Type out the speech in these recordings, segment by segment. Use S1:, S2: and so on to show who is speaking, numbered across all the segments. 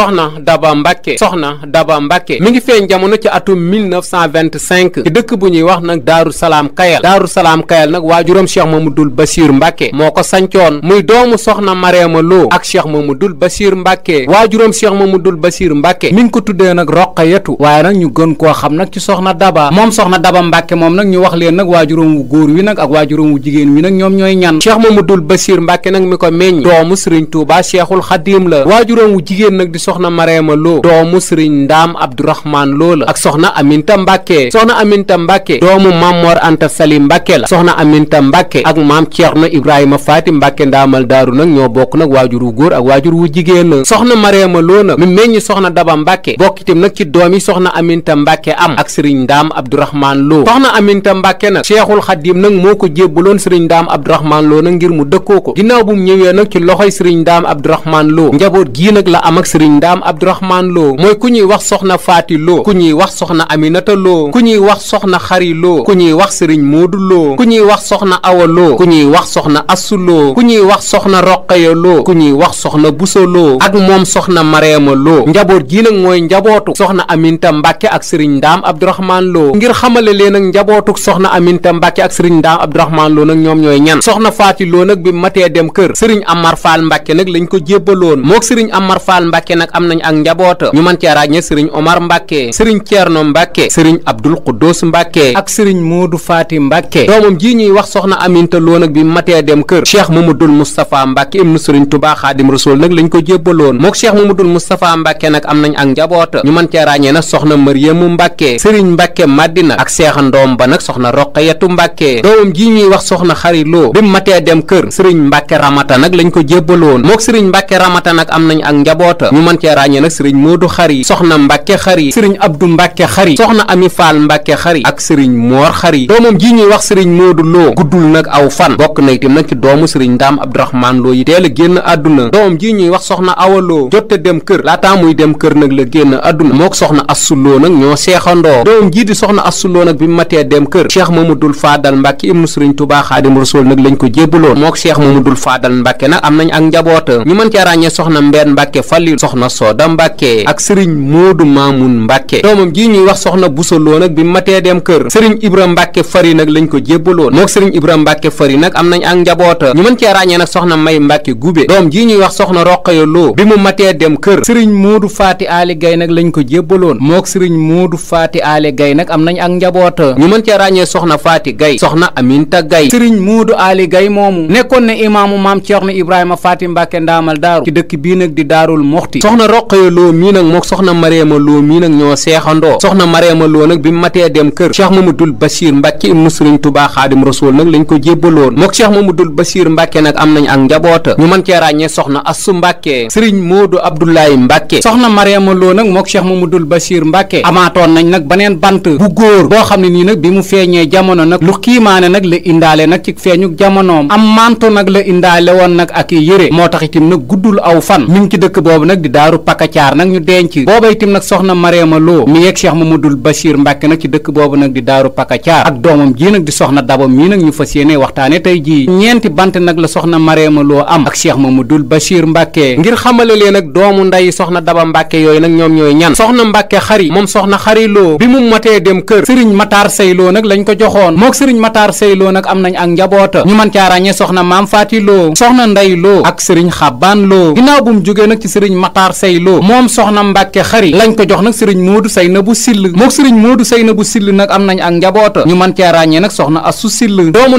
S1: soxna Daba Mbacke soxna Daba Mbacke mi ngi feeñ jamono ci atum 1925 ci dëkk bu ñuy wax nag Daaru Salaam Kayal Daaru Salaam Kayal nag waajuram Cheikh Mamadul Bachir Mbacke moo ko sancoon muy doomu soxna Mariama Lo ak Cheikh Mamadul Bachir Mbacke waajuram Cheikh Mamadul Bachir Mbacke mi ngi ko tuddee nag Roqayatu waaye nag ñu gën koo xam nag ci soxna Daba moom soxna Daba Mbacke moom nag ñu wax leen nag waajuram wu góor wi nag ak waajuram wu jigéen wi nag ñoom ñooy ñan Cheikh dul Bachir Mbacke nag mi ko meññ doomu Serigne Touba Cheikhul Khadim la waajuram wu jigéen soxna Marema Lo doomu sëriñ Ndaam Abdourahmaan Lo la ak soxna Aminta Mbàkke soxna Aminta Mbàkke doomu Mamor Anta Sali Mbàkke la soxna Aminta Mbàkke ak maam Ceerno Ibrahima Faati Mbàkke ndaamal daaru nag ñoo bokk nag waajur wu góor ak waajur wu jigéen la soxna Marema Lo nag mi meññi soxna Daba Mbàkke bokk itam nag ci doom yi soxna Aminta Mbàkke am ak sëriñ Ndaam Abdourahmaan Lo soxna Aminta Mbàkke nag Seexul Xadiim nag moo ko jébbaloon sëriñ Ndaam Abdourahmaan Lo nag ngir mu dëkkoo ko ginnaaw sëriñ ndaam abdourahmaan loo mooy ku ñuy wax soxna faati loo ku ñuy wax soxna aminata loo ku ñuy wax soxna xari loo ku ñuy wax sëriñ moodu loo ku ñuy wax soxna awa loo ku ñuy wax soxna assu loo ku ñuy wax soxna roqaya loo ku ñuy wax soxna buso loo ak moom soxna mareema loo njaboot gii nag mooy njabootu soxna aminta mbàkke ak sëriñ ndaam abdourahmaan ngir xamale leen nag njabootuk soxna aminta mbàkke ak sëriñ ndaam abdourahmaan loo nag ñoom ñooy ñan soxna faati loo nag bi matee dem kër sëriñ amar faal mbàkke nag lañ ko jébbaloon mook sëriñ amar faal nag am nañ ak njaboota ñu mën cee ràññee sëriñ Omar Mbàkke sëriñ Ceerno Mbàkke sëriñ Abdul Quddus Mbàkke ak sëriñ Moodu Faati Mbàkke doomam jii ñuy wax soxna Aminta Lo nag bi matee dem kër Cheikh Mamadul Moustapha Mbàkke ibnu sëriñ Tuubaa Xaadim Rasuul nag lañ ko jébbaloon mook Cheikh Mamadul Moustapha Mbàkke nag am nañ ak njaboota ñu mën cee ràññee nag soxna Mariyamu Mbàkke sëriñ Mbàkke Madina ak seexandoom ba nag soxna Roqayatu Mbàkke doomam jii ñuy wax soxna Xari Lo bi matee dem kër sëriñ Mbàkke nag lañ ko jébbaloon mook sëriñ Mbàkke Ramata nag am nañ ak njaboota mën cee ràññee nag sëriñ Modou Khary soxna Mbacke Khary sëriñ Abdou Mbacke Khary soxna Ami Fall Mbacke na itam nag ci doomu sëriñ Ndaam Abdourahmane Lo yi teel a génn àdduna doomam ji ñuy wax soxna Awa Lo jotte dem kër laataa muy dem kër nag la génn àdduna mook soxna Astou Lo nag ñoo seexandoo doomam ji di soxna Astou Lo nag bi mu matee dem kër Cheikh Mamadou Fadal Mbacke ibnu sëriñ Touba Khadim Rasoul nag lañ ko jébbaloon mook Cheikh Mamadou Fadal Mbacke nag am nañ ak njaboota ñu mën cee soxna Mbène Mbacke Falil soxna soxna Sooda Mbàkke ak sëriñ Moodu Maamun Mbàkke doomam jii ñuy wax soxna Buso Lo nag bi matee dem kër sëriñ Ibra Mbàkke Fari nag lañ ko jébbaloon mook sëriñ Ibra Mbàkke Fari nag am nañ ak njaboota ñu mën cee ràññee nag soxna May Mbàkke Gube doom jii ñuy wax soxna Roqaya Lo bi mu matee dem kër sëriñ Moodu Faati Aali Gay nag lañ ko jébbaloon mook sëriñ Moodu Faati Aali Gay nag am nañ ak njaboota ñu mën cee ràññee soxna Faati Gay soxna Aminta Gay sëriñ Moodu Aali Gay moomu nekkoon ne imaamu maam Ceerno Faati Mbàkke Ndaamal Daaru ci dëkk bii nag di Daarul Moxti soxna Roqaya Lo mii nag mook soxna Mariama Lo mii nag ñoo seexandoo soxna Mariama loo nag bi mu matee dem kër Cheikh Mamadul Bachir Mbàkke ibnu Sëriñ Tuubaa Xaadim Rasuul nag lañ ko jébbaloon mook Cheikh Mamadul Bachir Mbàkke nag am nañ ak njaboota ñu mën cee ràññee soxna Assu Mbàkke Sëriñ Moodu Abdoulaye Mbàkke soxna Mariama Lo nag mook Cheikh Mamadul Bachir Mbàkke amaatoon nañ nag baneen bant bu góor boo xam ne nii nag bi mu feeñee jamono nag lu xiimaane nag la indaale nag ci feeñu jamono am manto nag la indaale woon nag ak yére moo tax itim nag guddul aw fan mi ngi ci dëkk boobu nag di daaru pakacaar nag ñu denc booba itam nag soxna Mariama Lo mi yeeg Cheikh Mamadou Bachir Mbàkke nag ci dëkk boobu nag di daaru pakacaar ak doomam jii nag di soxna Daba mii nag ñu fas yéene waxtaane tey jii ñeenti bant nag la soxna Mariama Lo am ak Cheikh Mamadou Bachir Mbàkke ngir xamale leen nag doomu nday soxna Daba Mbàkke yooyu nag ñoom ñooy ñan soxna Mbàkke xari moom soxna xari Lo bi mu matee dem kër sëriñ Mataar Seyloo nag lañ ko joxoon mook sëriñ Mataar Seyloo nag am nañ ak njaboota ñu mën caa ràññee soxna Maam Faati Lo soxna Nday Lo ak sëriñ Lo ginnaaw bu mu Matar Sayloo moom soxna Mbàkke xari lañ ko jox nag sëriñ Moodu Saynabu Sill mook sëriñ Moodu Saynabu Sill nag am nañ ak njaboota ñu mën cee ràññee nag soxna Assu Sill doomu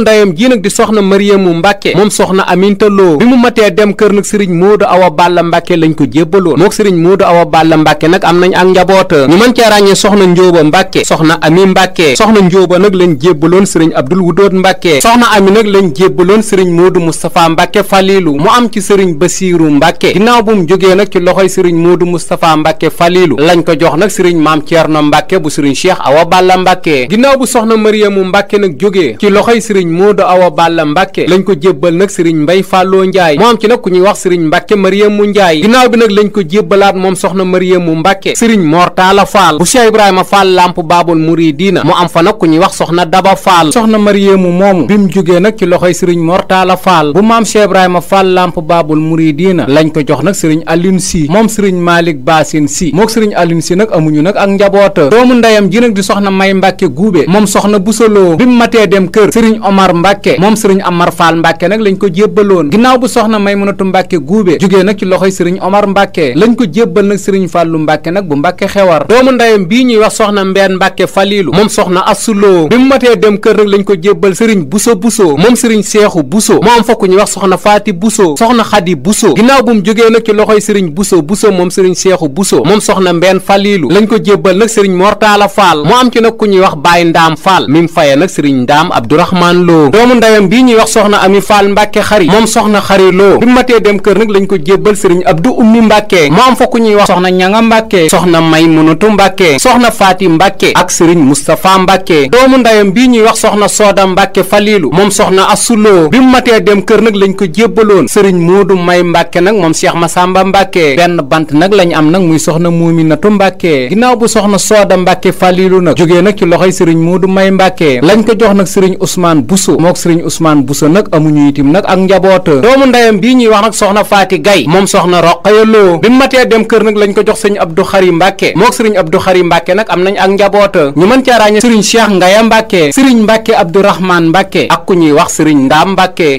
S1: ko jébbaloon mook sëriñ Moodu Awa Balla Mbàkke nag am nañ ak njaboota ñu mën cee ràññee soxna Njóoba Mbàkke soxna Ami Mbàkke soxna Njóoba nag lañ jébbaloon sëriñ Abdul Wudoot Mbàkke soxna Ami nag lañ jébbaloon sëriñ Moodu Mustafa Mbàkke Falilu mu am ci sëriñ Basiiru Mbàkke ginnaaw bu mu jógee ci loxo loxoy sëriñ Modou Moustapha Mbacke Falilou lañ ko jox nag sëriñ maam Thierno Mbacke bu sëriñ Cheikh Awa Balla Mbacke ginnaaw bu soxna Mariamu Mbacke nag jógee ci loxoy sëriñ Modou Awa Balla Mbacke lañ ko jébbal nag sëriñ Mbay Fallou Ndiaye am ci nag ku ñuy wax sëriñ Mbacke Mariamu Ndiaye ginnaaw bi nag lañ ko jébbalaat moom soxna Mariamu Mbacke sëriñ Mortala Fall bu Cheikh Ibrahima Fall Lamp Baabul Muridiina mu am fa nag ku ñuy wax soxna Daba Fall soxna Mariamu moomu bi mu jógee nag ci loxoy sëriñ Mortala Fall bu maam Cheikh Ibrahima Fall Lamp Baabul Muridiina lañ ko jox nag sëriñ Alioune moom sëriñ Malick Bassine Sy mook sëriñ Alioune Sy nag amuñu nag ak njaboota doomu ndeyam ji nag di soxna May Mbàkke Guube moom soxna Busaloo bi mu matee dem kër sëriñ Omar Mbàkke moom sëriñ Amar Fall Mbàkke nag lañ ko jébbaloon ginnaaw bu soxna May Munatu Mbàkke Guube jógee nag ci loxoy sëriñ Omar Mbàkke lañ ko jébbal nag sëriñ Fàllu Mbàkke nag bu Mbàkke xewar doomu ndeyam bii ñuy wax soxna Mbeen Mbàkke Faliilu moom soxna Assuloo bi mu matee dem kër nag lañ ko jébbal sëriñ Buso Buso moom sëriñ Seexu Buso moo am fokk ñuy wax soxna Faati Buso soxna Xadi Buso ginnaaw bu mu jógee nag ci loxoy sëriñ Buso Bousso moom sëriñ Seexu Bousso moom soxna Mbeen Faliilu lañ ko jébbal nag sëriñ Mortaala Faal mu am ci nag ku ñuy wax Baay Ndaam Faal mi mu faye nag sëriñ Ndaam Abdourahmaan loo doomu ndeyam bii ñuy wax soxna Ami Faal Mbàkke Xari moom soxna Xari Lo bi matee dem kër nag lañ ko jébbal sëriñ Abdu Ummi Mbàkke mu am fa ku ñuy wax soxna Ñanga Mbàkke soxna May Munatu Mbàkke soxna Faati Mbàkke ak sëriñ Mustapha Mbàkke doomu ndeyam bii ñuy wax soxna Sooda Mbàkke Faliilu moom soxna Asuloo bi matee dem kër nag lañ ko jébbaloon sëriñ Moodu May Mbàkke nag moom Cheikh Masamba Mbàkke benn bant nag lañ am nag muy soxna Muuminatu Mbàkke ginnaaw bu soxna Sooda Mbàkke Fàlilu nag jógee nag ci loxoy sëriñ Moodu May Mbàkke lañ ko jox nag sëriñ Ousmane Bousso mook sëriñ Ousmane Bousso nag amuñu itim nag ak njaboot doomu ndeyam bii ñuy wax nag soxna Faati Gay moom soxna Roqaya bi matee dem kër nag lañ ko jox sëriñ Abdou Xari Mbàkke mook sëriñ Abdou Xari Mbàkke nag am nañ ak njaboot ñu mën caa ràññe sëriñ Cheikh Ngaya Mbàkke sëriñ Mbàkke Abdourahmane Mbàkke ak ñuy wax sëriñ Ndaam Mbàkke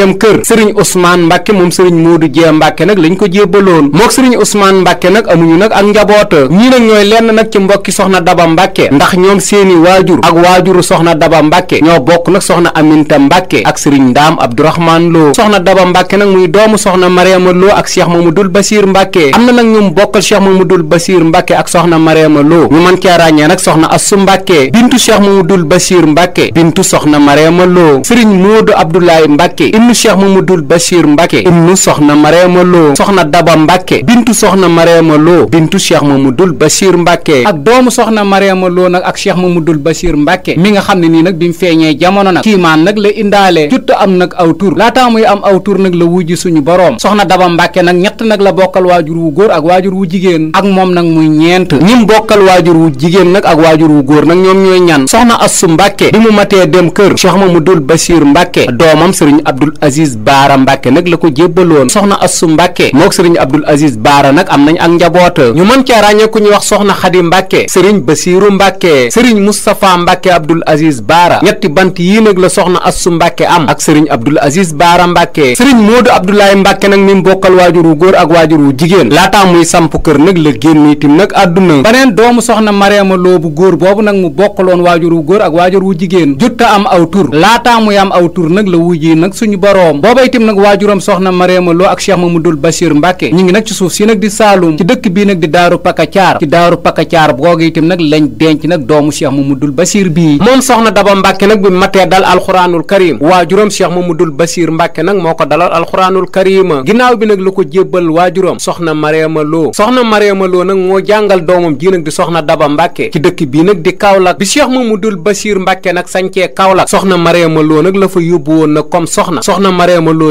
S1: doomu Ousmane Mbacke moom sëriñ Modou Dieng Mbacke nag lañ ko jébbaloon mook sëriñ Ousmane Mbacke nag amuñu nag ak njaboota ñii nag ñooy lenn nag ci mbokki soxna Daba Mbacke ndax ñoom seeni waajur ak waajuru soxna Daba Mbacke ñoo bokk nag soxna Aminta Mbacke ak sëriñ Ndaam Abdourahmane Lo soxna Daba Mbacke nag muy doomu soxna Mariama Lo ak ma Cheikh Mamadou Bassir Mbacke am na nag ñoom bokkal Cheikh Mamadou Bassir Mbacke ak soxna Mariama Lo ñu mën cee ràññee nag soxna Assu Mbacke bintu Cheikh Mamadou Bassir Mbacke bintu soxna Mariama Lo sëriñ Modou Abdoulaye Bachir Mbacke ibnu soxna Marema Lo soxna Daba Mbacke bintu soxna Marema Lo ma mu dul Bachir Mbacke ak doomu soxna Marema Lo nag ak Cheikh Mamadou Bachir Mbacke mi nga xam ne nii nag bi mu feeñee jamono nag kiimaan nag la indaale jutta am aw tur laataa muy am aw tur nag la wujji suñu boroom soxna Daba Mbacke nag ñett nag la bokkal waajur wu góor ak waajur wu jigéen ak moom nag muy ñeent ñim bokkal waajur wu jigéen nag ak waajur wu góor nag ñoom ñooy ñan soxna Assu Mbacke bi mu matee dem kër ma mu dul Bachir Mbacke doomam Serigne Abdoul Aziz Baara Moustapha nag la ko jébbaloon soxna Assu Mbacke mook sëriñ Abdul Aziz Baara nag am nañ ak njaboot ñu mën cee ràññee ku ñuy wax soxna Xadi Mbacke sëriñ Basiiru Mbacke sëriñ Moustapha Mbacke Abdul Aziz Baara ñetti bant yii nag la soxna Assu Mbacke am ak sëriñ Abdul Aziz Baara Mbacke sëriñ Moodu Abdoulaye Mbacke nag mi mbokkal waajur wu góor ak waajur wu jigéen laata muy samp kër nag la génn itam nag àdduna baneen doomu soxna Mariama Lo bu góor boo nag mu bokkaloon waajur wu góor ak waajur wu la wujji nag waajuram soxna Mariama Lo ak Cheikh Mamadou Bachir Mbacke ñu ngi nag ci suuf si nag di Saalum ci dëkk bii nag di Daaru Pakacaar ci Daaru Pakacaar googu itam nag lañ denc nag doomu Cheikh Mamadou Bachir bii moom soxna Daba Mbacke nag bi matee dal alxuraanul karim waajuram Cheikh Mamadou Bachir Mbacke nag moo ko dalal alxuraanul karim ginnaaw bi nag lu ko jébbal waajuram soxna Mariama Lo soxna Mariama Lo nag moo jàngal doomam ji nag di soxna Daba Mbacke ci dëkk bii nag di Kaolack bi seex ma mu Mbacke nag sancee Kaolack soxna Mariama Lo nag la fa yóbbu woon nag comme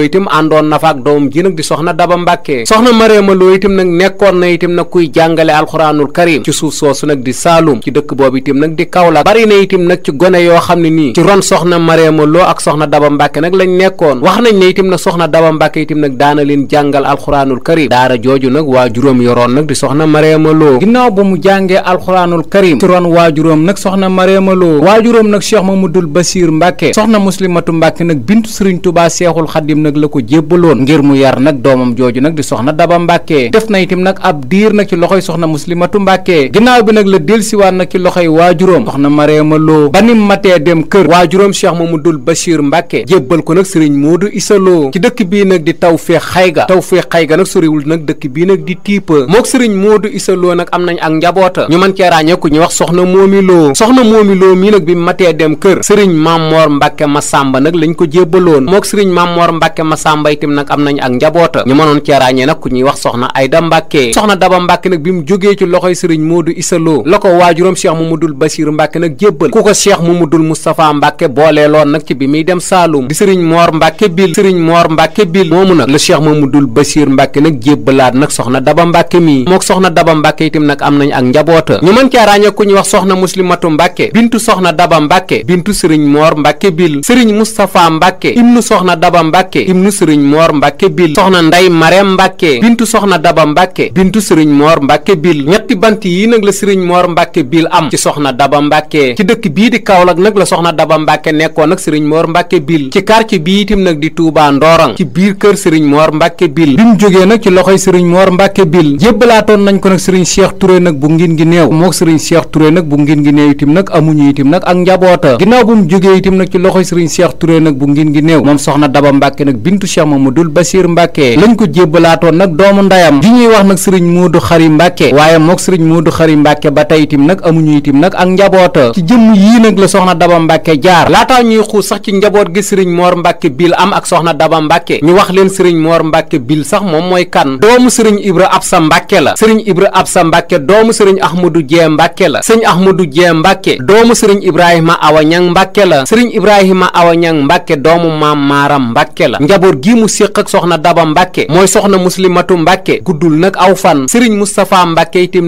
S1: itam àndoon na fa ak doomam ji nag di soxna Daba Mbàkke soxna Mareema Lo itam nag nekkoon na itam nag kuy jàngale alxuraanul karim ci suuf soosu nag di Saalum ci dëkk boobu itam nag na itam nag ci gone yoo xam ne nii ci ron soxna Mareema Lo ak soxna Daba Mbàkke nag lañ nekkoon wax nañ ne itam nag soxna Daba Mbàkke itam nag daana leen jàngal alxuraanul karim daara jooju nag waajuróom yoroon nag di soxna Mareema Lo ginnaaw ba mu jàngee alxuraanul karim ci ron waajuróom nag soxna Mareema Lo waajuróom nag Cheikh Mamadul Basir Mbàkke soxna Muslimatu Mbàkke nag bintu Sëriñ Tubaa Seexul Xadim nag nag la ko jébbaloon ngir mu yar nag doomam jooju nag di soxna Daba Mbàkke def na itam nag ab diir nag ci loxoy soxna muslimatu Mbàkke ginnaaw bi nag la delsiwaat nag ci loxoy waajuróom soxna Mareema Lo ba nim matee dem kër waajuróom Cheikh Mamadul Bachir Mbàkke jébbal ko nag sëriñ Moodu Isa Lo ci dëkk nag di Tawfeex Xayga Tawfeex Xayga nag soriwul nag dëkk bii nag di Tiipa mook sëriñ Moodu Isa Lo nag am nañ ak njaboota ñu mën cee ràññee ku wax soxna Moomi Lo soxna Moomi Lo mii nag bi matee dem kër sëriñ Mamor Mbàkke Masamba nag lañ ko jébbaloon mook sëriñ Mamor Mbàkke mbàkke masàmba itam nag am nañu ak njaboota ñu mënoon cee ràññee nag ku ñuy wax soxna ayda mbàkke soxna daba mbàkke nag bi mu jógee ci loxoy sëriñ moodu isaloo la ko waajuram cheikh mamadul basiru mbàkke nag jébbal ku ko cheikh mamadul moustapha mbàkke boolee loon nag ci bi muy dem saalum di sëriñ moor mbàkke bil sëriñ moor mbàkke bil moomu nag la cheikh mamadul basir mbàkke nag jébbalaat nag soxna daba mbàkke mii mook soxna daba mbàkke itam nag am nañu ak njaboota ñu mën cee ràññee ku ñuy wax soxna muslimatu mbàkke bintu soxna daba mbàkke bintu sëriñ moor mbàkke bil sëriñ moustapha mbàkke ibnu soxna daba mbàkke ibnu sëriñ moor mbàkke bil soxna nday mareem mbàkkee bintu soxna daba mbàkke bintu sëriñ moor mbàkke bil ñetti bant yi nag la sëriñ moor mbàkke biil am ci soxna daba mbàkke ci dëkk bii di kaolack nag la soxna daba mbàkke nekkoon nag sëriñ moor mbàkke biil ci quartier bi itam nag di tuubaa ndoorang ci biir kër sëriñ moor mbàkke biil bi mu jógee nag ci loxoy sëriñ moor mbàkke biil jébbalaatoon nañ ko nag sëriñ cheikh turé nag bu ngin gi néew mook sëriñ cheikh turé nag bu ngin gi néew itam nag amuñu itam nag ak njaboota ginnaaw bu mu jógee nag ci loxoy sëriñ cheikh turé nag bu ngin gi néew moom soxna daba mbàkke nag bintu cheikh dul basir mbàkke lañ ko jébbalaatoon nag doomu ndayam ji ñuy wax nag sëriñ muudu xari mbàkke waaye mook sëriñ Modou Khary Mbacke ba tey itam nag amuñu itam nag ak njaboota ci jëmm yii nag la soxna Daba Mbacke jaar laataa ñuy xuus sax ci njaboot gi sëriñ Mor Mbacke Bil am ak soxna Daba Mbacke ñu wax leen sëriñ moor Mbacke Bil sax moom mooy kan doomu sëriñ Ibra Absa Mbacke la sëriñ Ibra Absa Mbacke doomu sëriñ Ahmadou Dieng Mbacke la sëriñ Ahmadou Dieng Mbacke doomu sëriñ Ibrahima Awa Ñang Mbacke la sëriñ Ibrahima Awa Ñang Mbacke doomu maam Maaram Mbacke la njaboot gi mu séq ak soxna Daba Mbacke mooy soxna Muslimatu Mbacke guddul nag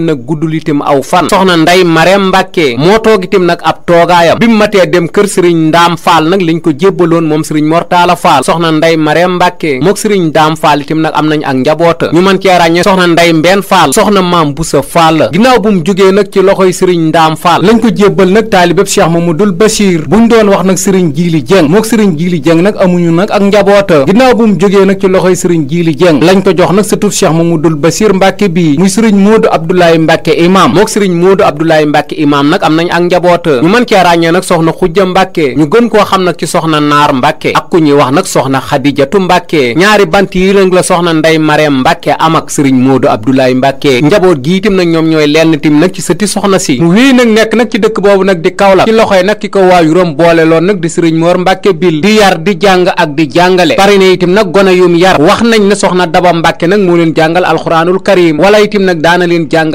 S1: itam nag guddul itam aw fan soxna nday Marème Mbàkke moo toog itam nag ab toogaayam bi mu matee dem kër sëriñ ndaam faal nag liñ ko jébbaloon moom sëriñ mortaala faal soxna nday Marème Mbàkke mook sëriñ ndaam faal nag am nañ ak njaboota ñu mën cee ràññee soxna nday mbenn faal soxna maam busa faal la ginnaaw bu mu jógee nag ci loxoy sëriñ ndaam faal lañ ko jébbal nag taalibeb cheikh mamadul bachir buñ doon wax nag sëriñ jiili jëng mook sëriñ jiili jëng nag amuñu nag ak njaboota ginnaaw bu mu jógee nag ci loxoy sëriñ jiili jëng lañ ko jox nag sëtub cheikh mamadul bachir mbàkke bi muy sëriñ moodu abdoulaye Abdoulaye Mbacke imam mook sëriñ Modou Abdoulaye Mbacke imam nag am nañ ak njaboot ñu mën cee ràññee nag soxna Xujja Mbacke ñu gën koo xam nag ci soxna Naar Mbacke ak ku ñu wax nag soxna Xadijatu Mbacke ñaari bant yi nag la soxna Ndey Mareem Mbacke am ak sëriñ Modou Abdoulaye Mbacke njaboot gi itam nag ñoom ñooy lenn tim nag ci sëti soxna si mu wéy nag nekk nag ci dëkk boobu nag di Kaolack ci loxoy nag ki ko waayuram boole loon nag di sëriñ Mor Mbacke bil di di jàng ak di jàngale bari na itam nag gone yum yar wax nañ ne soxna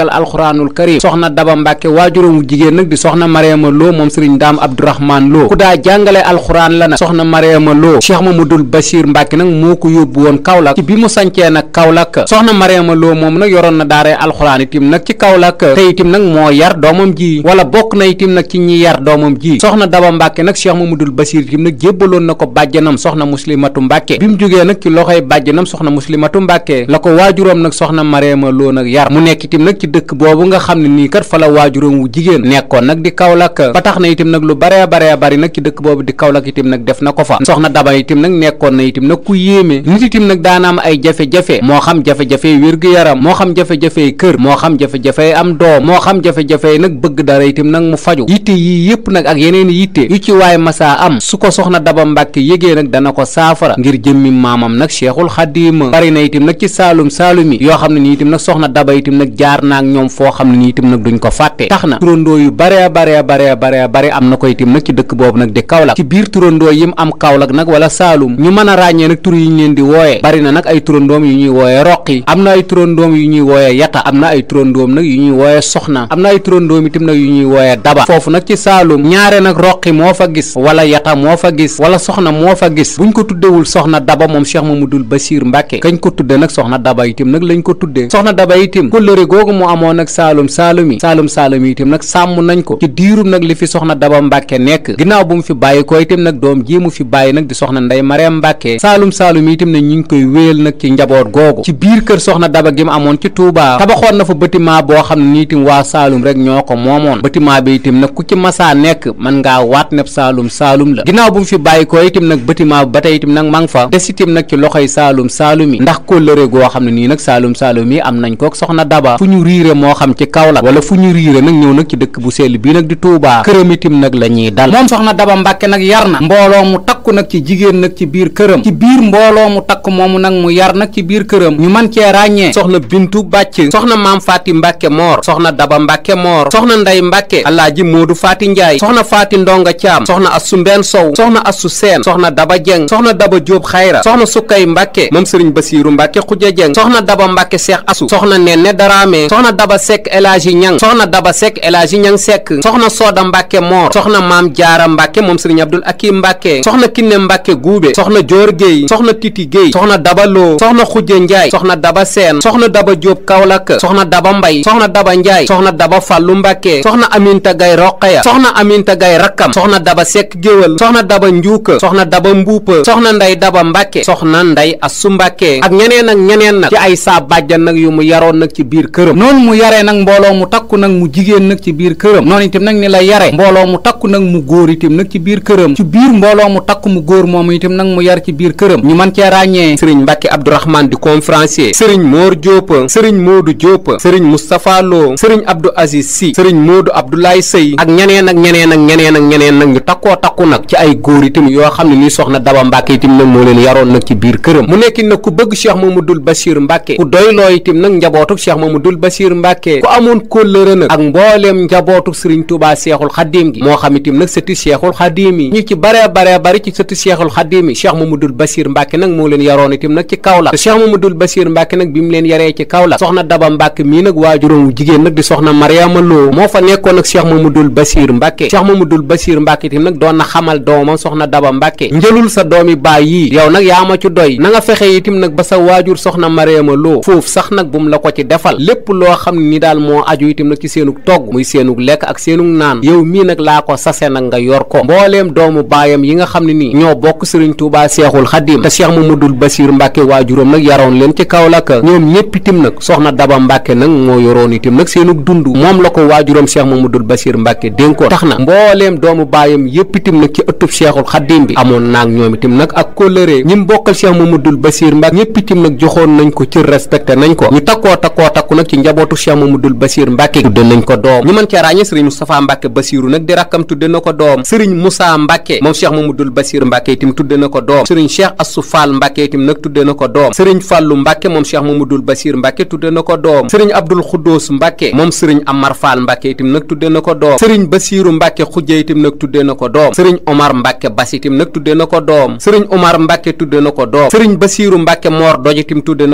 S1: jàngal alxuraanul karim soxna daba mbàkke waajuróomu jigéen nag di soxna mariama loo moom sëriñ daam abdourahman loo ku daa jàngale alxuraan la nag soxna mariama loo cheikh mamadul bachir moo ko yóbbu woon kaolack ci bi mu sancee nag kaolack soxna mariama loo moom nag yoroon na daaree alxuraan itim nag ci kaolack te itim nag moo yar doomam ji wala bokk na itim nag ci ñi yar doomam ji soxna daba mbàkke nag cheikh mamadul bachir itim nag jébbaloon na ko bàjjanam soxna muslimatu mbàkke bi mu jógee nag ci loxoy bàjjanam soxna muslimatu mbàkke la ko waajuróom nag soxna mariama loo nag yar mu nekk itim dëkk boobu nga xam ne nii kat fa la waajuróom wu jigéen nekkoon nag di Kaolack ba tax na itam nag lu bare bare bari nag ci dëkk boobu di Kaolack itam nag def na ko fa soxna Daba itam nag na itam nag ku yéeme nit itam nag daana ay jafe-jafe moo xam jafe-jafe wér-gu-yaram moo xam jafe-jafe kër moo xam jafe-jafe am doom moo xam jafe-jafe nag bëgg dara itam nag mu faju yitte yii yëpp nag ak yeneen yitte yu ci waaye masaa am su ko soxna Daba Mbàkke yëgee nag dana ko saafara ngir jëmmi maamam nag Cheikhul Xadim bari na itam nag ci saalum saalum yi yoo xam ne ni itam nag soxna Daba itam nag jaar na naa ak ñoom foo xam ne nii itam nag duñ ko fàtte tax na turandoo yu bare bare bare bare bare am na ko itam nag ci dëkk boobu nag di Kaolack ci biir turandoo yim am Kaolack nag wala Saalum ñu mën a ràññee nag tur yi ñu leen di wooye bari na nag ay turandoom yu ñuy wooye roqi am na ay turandoom yu ñuy wooye yata am na ay turandoom nag yu ñuy wooye soxna am na ay turandoom itam nag yu ñuy wooye daba foofu nag ci Saalum ñaare nag roqi moo fa gis wala yata moo fa gis wala soxna moo fa gis buñ ko tuddewul soxna daba moom Cheikh Mamadou Bachir Mbacke kañ ko tudde nag soxna daba itam nag lañ ko tuddee mu amoon nag saalum saalum yi saalum saalum yi itam nag sàmm nañ ko ci diirum nag li fi soxna Daba Mbàkke nekk ginnaaw bu mu fi bàyyi ko itam nag doom ji mu fi bàyyi nag di soxna Ndey Mareem Mbàkke saalum saalum yi itam ne ñu ngi koy wéyal nag ci njaboot googu ci biir kër soxna Daba gi mu amoon ci Touba tabaxoon na fa bâtiment boo xam ne ni itam waa saalum rek ñoo ko moomoon bâtiment bi itam nag ku ci masaa nekk mën ngaa waat ne saalum saalum la bu mu fi bàyyi ko itam nag bâtiment ba tey itam nag ma ngi fa des itam nag ci loxoy saalum saalum yi ndax kóllëre goo xam ne nii nag saalum saalum yi am nañ ko soxna Daba fu ñu riire moo xam ci Kaolack wala fu ñu riire nag ñëw nag ci dëkk bu sell bii nag di Touba këram itam nag la ñuy dal moom soxna Daba Mbàkke nag yar na mbooloo mu takku nag ci jigéen nag ci biir këram ci biir mbooloo mu takk moomu nag mu yar nag ci biir këram ñu man cee ràññee soxna Bintu Bàcc soxna Maam Faati Mbàkke Moor soxna Daba Mbàkke Moor soxna Ndey Mbàkke Alaaji Moodu Faati Njaay soxna Faati Ndonga Caam soxna Assu Mbeen Sow soxna Assu Seen soxna Daba Jeng soxna Daba Jóob Xayra soxna Sukkay Mbàkke moom Sëriñ Basiiru Mbàkke Xuja soxna daba sekk El Hadji Ñang soxna daba sekk El Hadji Ñang sekk soxna sooda mbàkke moor soxna maam jaara mbàkke moom sëriñ abdul akim mbàkke soxna kinne mbàkke guube soxna joor géey soxna titi géey soxna daba loo soxna xujje njaay soxna daba seen soxna daba jóob kawlak soxna daba mbay soxna daba njaay soxna daba fàllu mbàkke soxna aminta gay roqaya soxna aminta gay rakkam soxna daba sekk géwël soxna daba njuuka soxna daba mbuupa soxna nday daba mbàkke soxna nday assu mbàkke ak ñeneen noonu mu yaree nag mbooloo mu takku nag mu jigéen nag ci biir këram noonu itam nag ni la yare mbooloo mu takku nag mu góor itam nag ci biir këram ci biir mbooloo mu takk mu góor moomu itam nag mu yar ci biir këram ñu man cee ràññee sëriñ Mbàkke Abdourahmane di conférencier sëriñ Moor Diop sëriñ Moodu Diop sëriñ Moustapha Lo sëriñ Abdou Aziz Sy sëriñ Moodu Abdoulaye Sey ak ñeneen ak ñeneen ak ñeneen ak ñeneen nag ñu takkoo takku nag ci ay góor itam yoo xam ne ni soxna Daba Mbàkke itam nag moo leen yaroon nag ci biir këram mu nekk nag ku bëgg Cheikh Mamadou Bachir Bachir Mbacke ku amoon kóllëre nag ak mbooleem njabootu Serigne Touba Seexul Xadim gi moo xam itam nag sëti Seexul Xadim yi ñu ci bare bare bari ci sëti Seexul Xadim yi Cheikh Mamadou Bachir Mbacke nag moo leen yaroon itam nag ci Kaolack te Cheikh Mamadou Bachir Mbacke nag bi mu leen yaree ci Kaolack soxna Daba Mbacke mii nag waajuram wu jigéen nag di soxna Mariama Lo moo fa nekkoon ak Cheikh Mamadou Bachir Mbacke Cheikh Mamadou Bachir Mbacke itam nag doon na xamal doomam soxna Daba Mbacke njëlul sa doomi baay yii yow nag yaa ma ci doy na nga fexe itam nag ba sa waajur soxna Mariama Lo foofu sax nag bu la ko ci defal lépp loo loo xam ni daal moo aju itam nag ci seenug togg muy seenug lekk ak seenug naan yow mii nag laa ko sase nag nga yor ko mbooleem doomu baayam yi nga xam ne ni ñoo bokk sëriñ Tuubaa Seexul Xadiim te Cheikh Mamadul Basiir Mbàkke waajuram nag yaroon leen ci Kaolack ñoom ñépp itam nag soxna Daba Mbàkke nag moo yoroon itam nag seenug dund moom la ko waajuram Cheikh Mamadul Basiir Mbàkke dénkoon tax na mbooleem doomu baayam yépp itam nag ci ëttub Seexul Xadiim bi amoon naag ñoom itam nag ak kóllëre ñim bokkal Cheikh Mamadul Basiir Mbàkke ñépp itam nag joxoon nañ ko ci respecté nañ ko ñu takkoo takkoo takku nag ci njabootu Cheikh Mamadou Bassir Mbacke tudde nañ ko doom ñu mën cee ràññee sëriñ Moustapha Mbacke Bassirou nag di rakkam tudde na ko doom sëriñ Moussa Mbacke moom Cheikh Mamadou Bassir Mbacke itam tudde na ko doom sëriñ Cheikh Assou Fall Mbacke itam nag tudde na ko doom sëriñ Fallou Mbacke moom Cheikh Mamadou Bassir Mbacke tudde na ko doom sëriñ Abdoul Khoudous Mbacke moom Omar Mbacke tudde na ko doom sëriñ Omar Mbacke tudde na ko doom sëriñ Bassirou Mbacke Mor tudde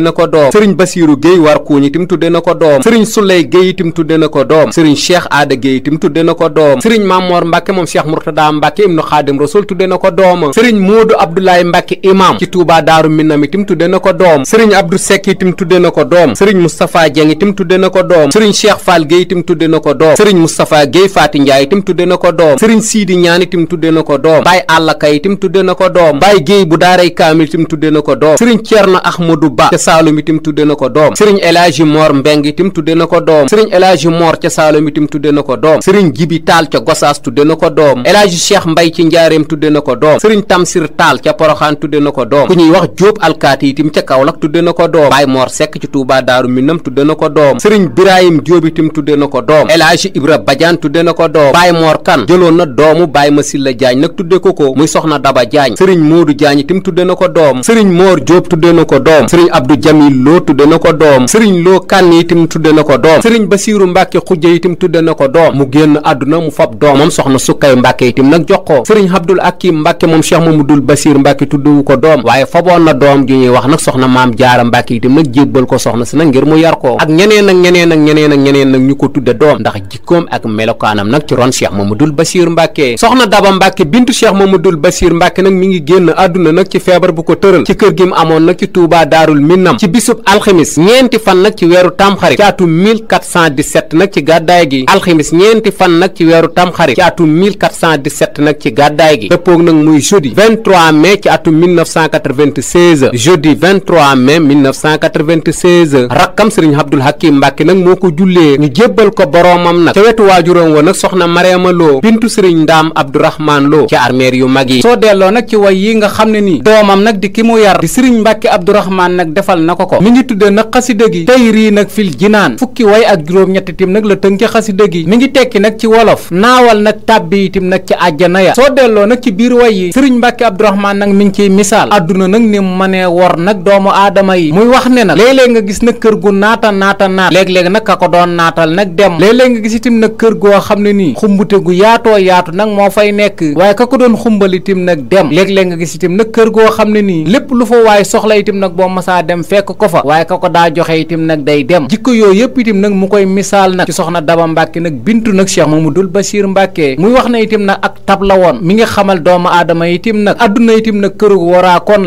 S1: na ko doom sëriñ Basiiru Géey war kuuñ itam tudde na ko doom sëriñ Suley Géey itam tudde na ko doom sëriñ Cheikh Aada Géey itam tudde na ko doom sëriñ Mamoor Mbàkke moom Cheikh Murtada Mbàkke ibnu Xaadim Rasul tudde na ko doom sëriñ Moodu Abdoulaye Mbàkke imam ci Tuubaa Daaru Minam itam tudde na ko doom sëriñ Abdu Sekk itam tudde na ko doom sëriñ Moustapha Dieng itam tudde na ko doom sëriñ Cheikh Fall Géey itam tudde na ko doom sëriñ Moustapha Géey Faati Njaay tudde na ko doom sëriñ Siidi Ñaan tudde na ko doom Baay Àlla Kay itam tudde na ko doom Baay Géey bu Daaray Kaamil tudde na ko doom sëriñ El Hadji Mor Mbeng itam tudde na ko doom sëriñ El Hadji Mor ca Saalum itam tudde na ko doom sëriñ Jibi Taal ca Gosaas tudde na ko doom El Hadji Cheikh Mbay ci Njaareem tudde na ko doom sëriñ Tamsir Taal ca Poroxaan tudde na ko doom ku ñuy wax Jóob Alkaati itam ca Kaolack tudde na ko doom Baay Mor Sekk ci Tuubaa Daaru Minam tudde na ko doom sëriñ Birahim Jóob itam tudde na ko doom El Hadji Ibra Badiane tudde na ko doom Baay Mor Kan jëloon na doomu Lo tudde na ko doom sëriñ Lo na ko doom sëriñ Basiiru Mbàkke Xujja itam tudde na ko doom mu génn àdduna mu fab doomam soxna Sukkay Mbàkke itam nag jox ko sëriñ Abdul Akim Mbàkke moom Cheikh Mamadul Basiir na doom ji ñuy wax nag soxna Maam si nag ngir mu yar ko ak ñeneen ak ñeneen ak ñeneen ak ñeneen nag ñu ko tudde doom ndax jikkoom ak melokaanam nag ci ron Cheikh Mamadul Basiir Mbàkke soxna Daba Mbàkke bintu Cheikh Mamadul Basiir Mbàkke nag mi ngi génn àdduna nag ci feebar bu ko tëral ci kër gi mu amoon nag ci Tuubaa Daarul Minnam ci bisub alxemis ñeenti fan nag ci weeru tamxarit ci atum 1417 nag ci gàddaay gi alxemis ñeenti fan nag ci weeru tamxarit ci atum 1417 nag ci gàddaay gi dëppoog nag muy jeudi 23 mai ci atum 1996 jeudi 23 mai 1996 rakkam sëriñ Abdul Hakim Mbàkke nag moo ko jullee ñu jébbal ko boroomam nag ca wetu waajuram wa nag soxna Mariama Lo bintu sëriñ Ndaam Abdourahmaan Lo ci armeer yu mag yi soo delloo nag ci way yi nga xam ne nii doomam nag di ki mu yar di sëriñ Mbàkke Abdourahmaan nag defal na ko ko ngi tudde nag xasida gi tey rii nag fil jinaan fukki way ak juróom-ñetti tim nag la tënk ci xasida gi mi ngi tekki nag ci wolof naawal nag tàbbi itim nag ci àjjana ya soo delloo nag ci biir way yi sëriñ mbàkke abdourahmaan nag mi ngi ciy misaal adduna nag ni mu mënee wor nag doomu aadama yi muy wax ne nag léeg-léeg nga gis nag kër gu naata naata naat léeg-léeg nag ka ko doon naatal nag dem léeg-léeg nga gis itim nag kër goo xam ne nii xumbute gu yaatoo yaatu nag nekk waaye ka ko doon xumbal itim nag dem léeg-léeg nga gis itim nag kër goo xam ne nii lépp lu fa waaye ka ko daa joxe itam nag day dem jikko yooyu yëpp itam nag mu koy misaal nag ci soxna Daba Mbacke nag bintu nag Cheikh Mamadou Bachir Mbacke muy wax na itam nag ak tab la woon mi nga xamal doomu aadama itam nag adduna itam nag kërug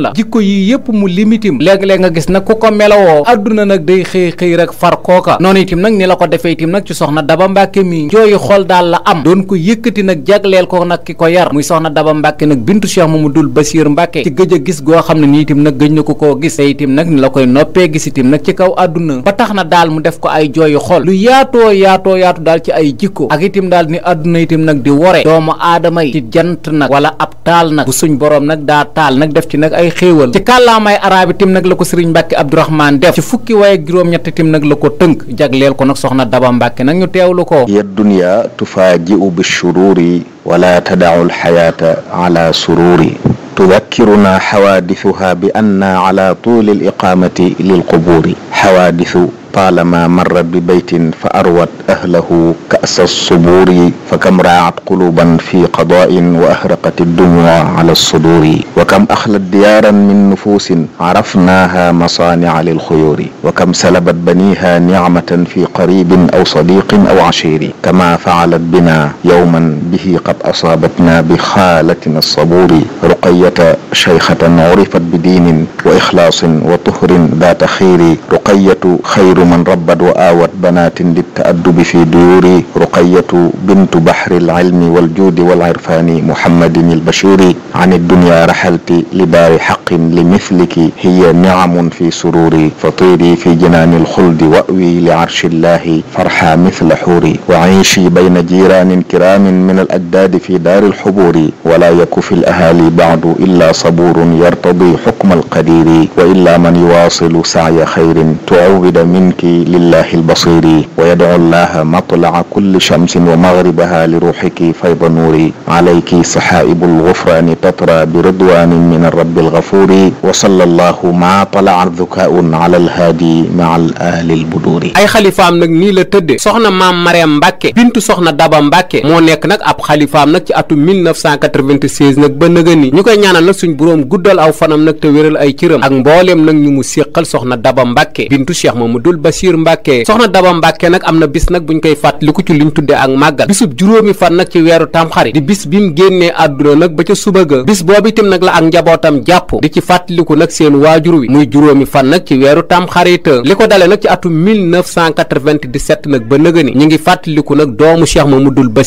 S1: la jikko yii yëpp mu limitim léeg-léeg nga gis nag ku ko melawoo adduna nag day xëy xëy rek far kooka noonu itam nag ni la ko defee itam nag ci soxna Daba Mbacke mi jooyu xol daal am doon ko yëkkati nag jagleel ko nag ki ko yar muy soxna Daba Mbacke nag bintu Cheikh Mamadou Bachir Mbacke ci gëj a gis goo xam ne nii itam nag gëj na ko koo gis te itam nag ni la koy noppee gisitim nag ci kaw àdduna ba tax na daal mu def ko ay jooyu xol lu yaatoo yaatoo yaatu daal ci ay jikko ak itim daal ni àdduna itim nag di wore doomu aadama yi ci jant nag wala ab taal nag bu suñ boroom nag daa taal nag def ci nag ay xéewal ci kàllaamay araab itim nag la ko sëriñ Mbàkke Abdourahmane def ci fukki waaye ak juróom-ñett itim nag la ko tënk jagleel ko nag soxna
S2: Daba Mbàkke nag ñu teew teewlu ko ya dunya tufaaji'u bi shuruuri wala tada'u alxayaata ala sururi tudakkiruna xawaadisuha bi anna ala tuuli aliqaamati lilqubuuri xawaadisu طالما مر ببيت فأروت أهله كأس الصبور فكم راعت قلوبا في قضاء وأهرقت الدموع على الصدور وكم أخلت ديارا من نفوس عرفناها مصانع للخيور وكم سلبت بنيها نعمة في قريب أو صديق أو عشير كما فعلت بنا يوما به قد أصابتنا بخالتنا الصبور رقية شيخة عرفت بدين وإخلاص وطهر ذات خير رقية خير من ربت وآوت بنات للتأدب في ديور رقية بنت بحر العلم والجود والعرفان محمد البشير عن الدنيا رحلت لدار حق لمثلك هي نعم في سروري فطيري في جنان الخلد وأوي لعرش الله فرحى مثل حوري وعيشي بين جيران كرام من الأجداد في دار الحبور ولا يك في الأهالي بعض baadu illaa sabuurun yartadi xukma alqadiri wa illaa man yuwaasilu saaya xayrin tucawida minki lillahi albasiri wa yadcu allaha matlaca kulli shamsin wa magribaha li ruuxiki fayda nuuri alayki saxaa'ibu algufraani tatra biridwaanin min alrabbi algafuuri wa sala allahu maa talaca dukaa'un ala alhaadi maa al aali albuduuri
S1: ay xalifaam nag nii la tëdde soxna maam Mariam Mbàkke bintu soxna Daba Mbàkke moo nekk nag ab xalifaam nag ci atum 1996 nag ba nëgëni ñu koy ñaanal nag suñ boroom guddal aw fanam nag te wéral ay cëram ak mbooleem nag ñu mu séqal soxna daba mbàkke bintu cheikh mamadul bachir mbàkke soxna daba mbàkke nag am na bis nag buñ koy fàttaliku ci ñu tuddee ak màggal bisub juróomi fan nag ci weeru tamxarit di bis bi mu génnee àdduna nag ba ca suba ga bis boobu itam nag la ak njabootam jàpp di ci fàttaliku nag seen waajur wi muy juróomi fan nag ci weeru tamxarit li ko dale nag ci atum 1997 nag ba nëgëni ñu ngi fàttaliku nag doomu cheikh mamadul bachir